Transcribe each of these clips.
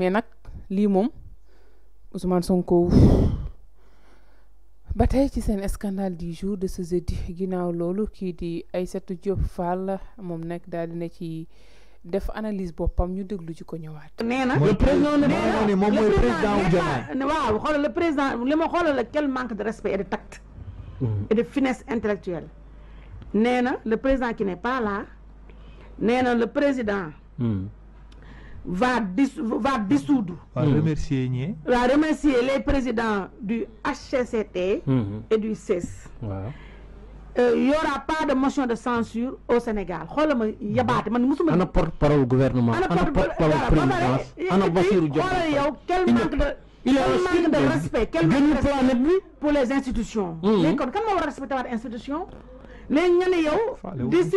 mais nak li mom Ousmane Sonko un scandale du jour de ce jeudi qui lolu ki di Aïssatou Diop Fall mom nek ci def analyse bopam ñu déglu ci ko ñëwaat. le président ne président le président manque de respect et de tact. et de finesse intellectuelle. le président qui n'est pas là. le président. Hmm va, va dissoudre. Va hmm. remercier, va remercier les présidents du HCT hmm. et du CES. Il n'y aura pas de motion de censure au Sénégal. Ana porte-parole au gouvernement, ana porte-parole au président ana Il a quel manque de respect, quel manque de pour les institutions. Hmm. Mais quand on respecte les institutions, les gens, d'ici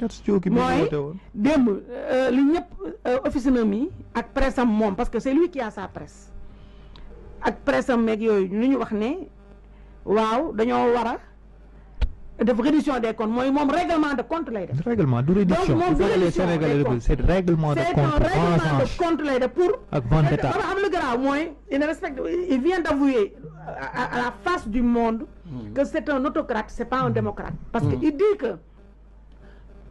Kats Dioki mooy démb euh, li ñëpp euh, officine am ak presse am parce que c'est lui qui a sa presse ak presse am meeg yooyu lu ñu wax ne de dañoo def réduction des comptes Moi, mon règlement de contrôler lay def. règlement de réduction c'est règlement de règlement de contre lay pour. ak vente il vient d'avouer à la face du monde. Mm. que c'est un autocrate c'est pas un mm. démocrate. parce qu'il mm. dit que.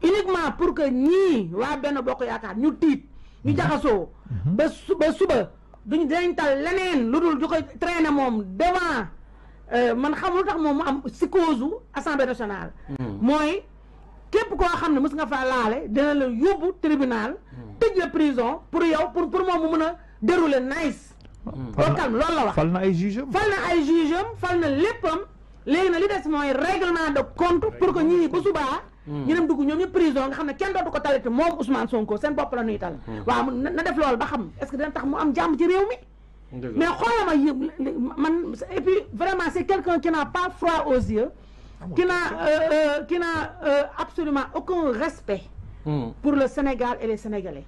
uniquement pour que ñii waa benn bokk yaakaar ñu tiit ñu jaxasoo mhm. ba su ba suba duñu dinañ tal leneen lu dul joxe koy traîner moom devant euh, man xamul tax moom mu am psychose assemblée nationale mhm. mooy képp ko xam ne mës nga faa laale dina la yóbbu tribunal mhm. tëj la prison pour yow pour pour moom mu mën a dérouler nice au lool loolu la wax fal na ay juge am fal na ay na léppam léegi na li des mooy règlement de compte pour que ñii bu subaa il hmm. dem dugg ñoom ñëpp prison nga xam ne kenn dootu ko talati moom Ousmane Sonko seen bopp la nuy tal hmm. waaw na def loolu ba xam est-ce que dina tax mu am jàmm ci réew mi mais xoolama yi man et puis vraiment c'est quelqu'un qui n'a pas froid aux yeux qui n'a euh, euh, qui n'a euh, absolument aucun respect hmm. pour le Sénégal et les Sénégalais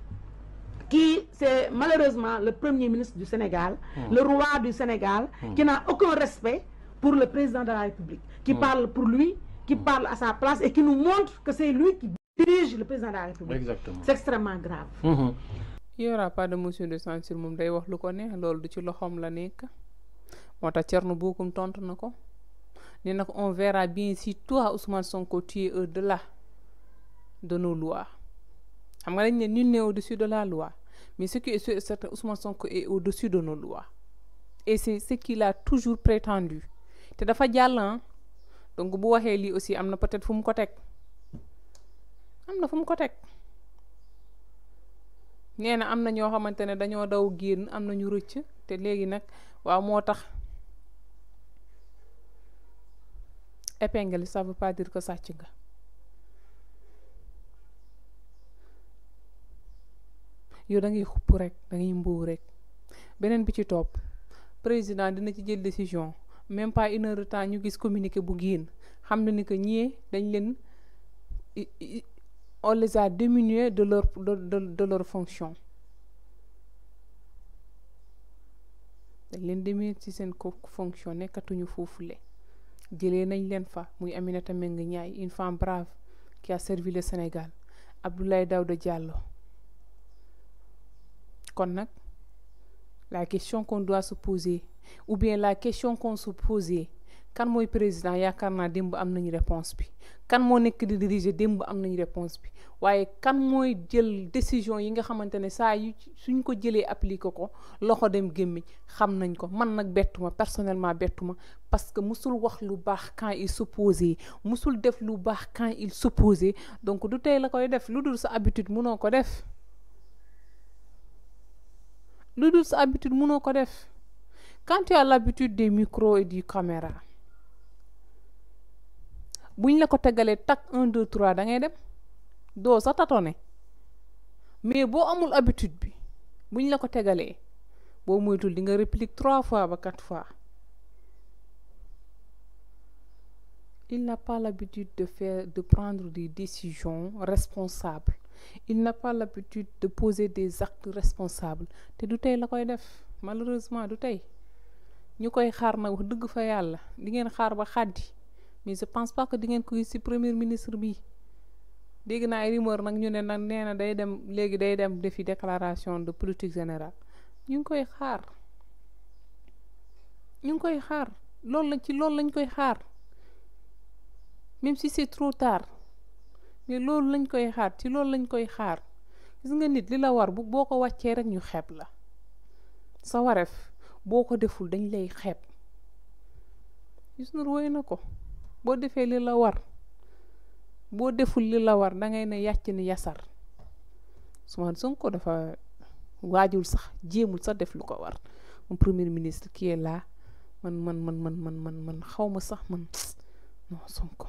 qui c'est malheureusement le premier ministre du Sénégal le roi du Sénégal qui n'a aucun respect pour le président de la République qui parle pour lui qui parle à sa place et qui nous montre que c'est lui qui dirige le président de la République. C'est extrêmement grave. Mm-hmm. Il n'y aura pas de motion de censure moom day wax lu ko ce loolu du ci loxoom la nekk moo tax Thierno Bocoum on verra bien si toi Ousmane Sonko tu es au-delà de nos lois xam nga ni au-dessus de la loi mais ce que est Ousmane Sonko est au-dessus de nos lois et c'est ce qu'il a toujours prétendu te dafa jàll hein. donc bu waxee lii aussi am na peut-être fu mu ko teg am na fu mu ko teg nee na am na ñoo xamante ne dañoo daw génn am na ñu rëcc te léegi nag waaw moo tax épingle ça veut pas dire sàcc nga yow dangay xupp rek da ngay mbuu rek beneen bi ci topp président dina ci jël décision même pas une heure de temps ñu gis communiqué bu Nous xam na que nous dañ leen on les a diminués de leur de de de leur fonction dañ leen diminué ci seen ko fonction nekkatuñu foofule jëlé nañ leen fa muy Aminata Mbengue Ndiaye une femme brave qui a servi le Sénégal Abdoulaye Daouda Diallo kon nak la question qu'on doit se poser ou bien la question qu'on se posait kan mooy président yaakaar naa démb am nañu réponse bi kan moo nekk di diriger démb am nañu réponse bi waaye kan mooy jël décision yi nga xamante ne saa yu suñ ko jëlee appliqué ko loxo dem gémmiñ xam nañ ko man nag bettuma personnellement bettuma parce que mosul wax lu baax quand il s'opposait mosul def lu baax quand il s'opposait donc du tey la koy def lu dul sa habitude munoo ko def lu dul sa habitude munoo ko def quand tu as l'habitude des micros et des caméras buñ la ko de faire un deux trois da ngay dem do sa tatoné mais bo amul habitude bi buñ la ko as l'habitude, moytul di nga réplique trois fois ba quatre fois il n'a pas l'habitude de faire de prendre des décisions responsables il n'a pas l'habitude de poser des actes responsables te du tay la koy def malheureusement du tay ñu koy xaar nag wax dëgg fa yàlla di xaar ba xàddi mais je pense pas que di ngeen ko gis ci premier bi dégg naa ay nag ñu ne nag nee na day dem léegi day dem defi déclaration de politique générale ñu ngi koy xaar ñu ngi koy xaar loolu la ci loolu lañ koy xaar même si c'est trop tard loolu lañ koy xaar ci loolu lañ koy xaar gis nga nit li la war bu boo ko wàccee rek ñu xeeb la sa wareef boo ko deful dañ lay xeeb Youssou woy na ko boo defee li la war boo deful li la war da ngay ne yàcc ni yasar Ousmane Sonko dafa waajul sax jéemul sax def lu ko war moom premier ministre qui laa man man man man man man man xaw ma sax man non Sonko.